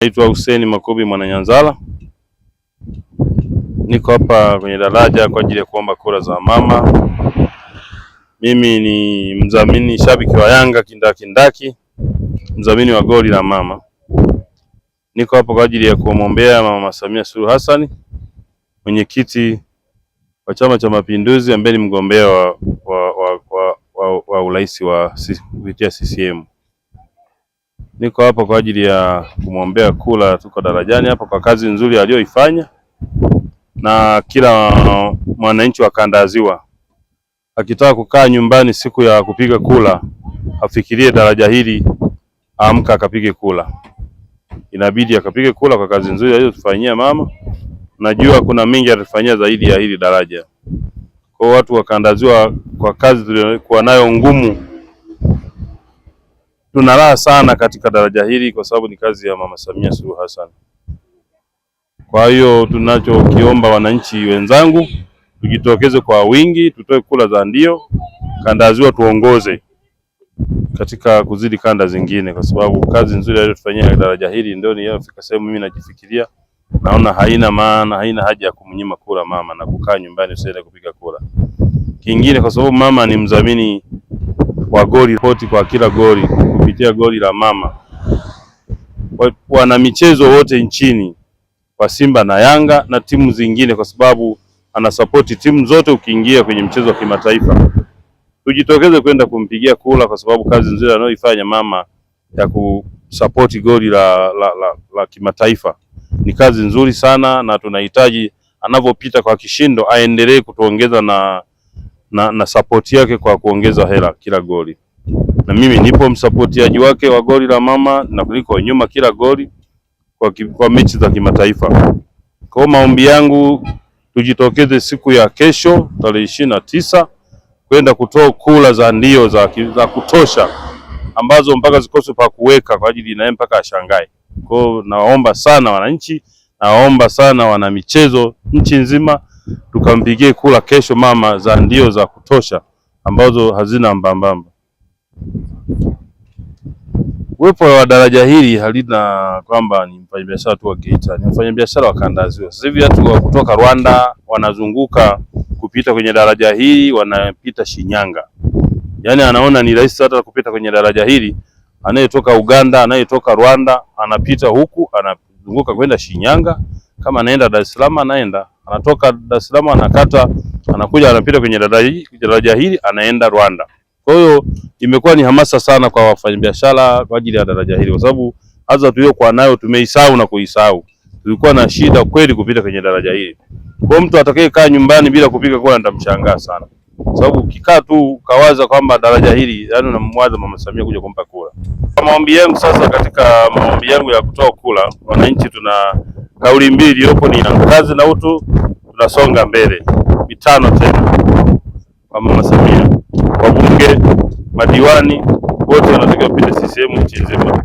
Naitwa Hussein Makubi Mwananyanzala, niko hapa kwenye daraja kwa ajili ya kuomba kura za mama. Mimi ni mdhamini shabiki wa Yanga kindakindaki, mdhamini wa goli la mama. Niko hapa kwa ajili ya kumwombea mama Samia Suluhu Hassan, mwenyekiti wa Chama cha Mapinduzi, ambaye ni mgombea wa, wa, wa, wa, wa, wa urais wa kupitia CCM. Niko hapa kwa ajili ya kumwombea kula. Tuko darajani hapa kwa kazi nzuri aliyoifanya, na kila mwananchi wa kanda ya Ziwa akitaka kukaa nyumbani siku ya kupiga kula afikirie daraja hili, amka akapige kula. Inabidi akapige kula kwa kazi nzuri alizotufanyia mama. Najua kuna mingi atafanyia zaidi ya hili daraja. Kwa watu wa kanda ya Ziwa, kwa kazi tuliokuwa nayo ngumu Tuna raha sana katika daraja hili kwa sababu ni kazi ya Mama Samia Suluhu Hassan. Kwa hiyo tunachokiomba wananchi wenzangu, tujitokeze kwa wingi, tutoe kula za ndio, kanda ya Ziwa tuongoze katika kuzidi kanda zingine, kwa sababu kazi nzuri aliyotufanyia daraja hili ndio niliyofika sehemu mimi najifikiria, naona haina maana, haina haja ya kumnyima kura mama na kukaa nyumbani usiende kupiga kura. Kingine, kwa sababu mama ni mdhamini kwa goli poti kwa kila goli kupitia goli la mama. Wana michezo wote nchini kwa Simba na Yanga na timu zingine, kwa sababu anasapoti timu zote. Ukiingia kwenye mchezo wa kimataifa, tujitokeze kwenda kumpigia kula, kwa sababu kazi nzuri anayoifanya mama ya kusapoti goli la, la, la, la kimataifa ni kazi nzuri sana, na tunahitaji anavyopita kwa kishindo aendelee kutuongeza na na, na sapoti yake kwa kuongeza hela kila goli, na mimi nipo msapotiaji wake wa goli la mama na kuliko nyuma kila goli kwa, kwa mechi za kimataifa. Kwa maombi yangu tujitokeze siku ya kesho tarehe ishirini na tisa kwenda kutoa kula za ndio za, za kutosha ambazo mpaka zikose pa kuweka kwa ajili naye mpaka ashangae. Kwa hiyo nawaomba sana wananchi, nawaomba sana wanamichezo nchi nzima tukampigie kula kesho mama za ndio za kutosha ambazo hazina mbambamba. Uwepo wa daraja hili halina kwamba ni mfanyabiashara tu wa Geita, ni mfanyabiashara wa kanda ziwa. Sasa hivi watu wa kutoka Rwanda wanazunguka kupita kwenye daraja hili, wanapita Shinyanga. Yaani anaona ni rahisi hata kupita kwenye daraja hili, anayetoka Uganda, anayetoka Rwanda, anapita huku, anazunguka kwenda Shinyanga. Kama anaenda Dar es Salaam, anaenda anatoka Dar es Salaam anakata, anakuja anapita kwenye daraja hili anaenda Rwanda. Kwa hiyo imekuwa ni hamasa sana kwa wafanyabiashara kwa ajili ya daraja hili, kwa sababu hata tuliokuwa nayo tumeisahau na kuisahau. Tulikuwa na shida kweli kupita kwenye daraja hili. Kwa mtu atakayekaa nyumbani bila kupiga kura nitamshangaa sana, kwa sababu ukikaa tu kawaza kwamba daraja hili, yani unamwaza mama Samia kuja kumpa kura. Maombi yangu sasa, katika maombi yangu ya kutoa kura, wananchi tuna Kauli mbiu iliyopo ni kazi na utu, tunasonga mbele. Mitano tena kwa mama Samia, wabunge, madiwani wote wanatakiwa pita CCM nchi nzima.